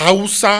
屠沙